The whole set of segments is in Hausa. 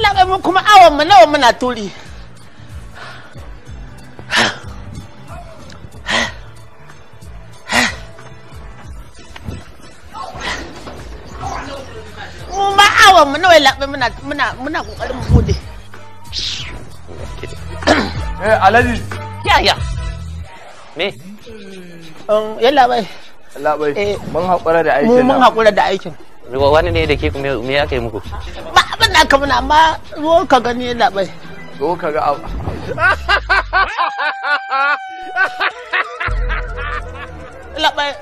Allah mu kuma awon mu nawa muna turi mu ma awon mu nawa labai muna muna muna kokarin mu bude eh alaji ya ya me um yalla bai labai eh. mun da aikin mun da aikin wani ne da ke kuma me aka muku ba faɗa ka mana amma ruwa ka gani yana bai Ruwa ka ga abu labai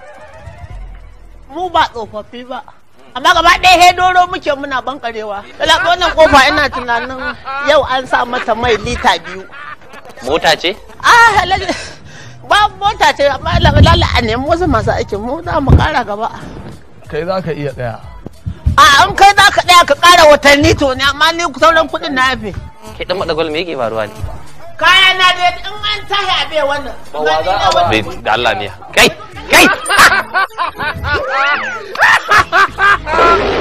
mu ba tsofaffi ba amma gaba ɗaya he doro muke muna bankarewa labai wannan kofa ina tunanin yau an sa mata mai lita biyu mota ce ah ba mota ce amma lalla a nemi wasu masu aikin mu za mu kara gaba kai za ka iya tsaya a an kai za ka ɗaya ka ƙara watanni to ne amma ni sauran kuɗin na yafe ke dan maɗa gwal me yake faruwa ne kaya na da in an tahi a bai wannan ba wa a ba da Allah ne kai kai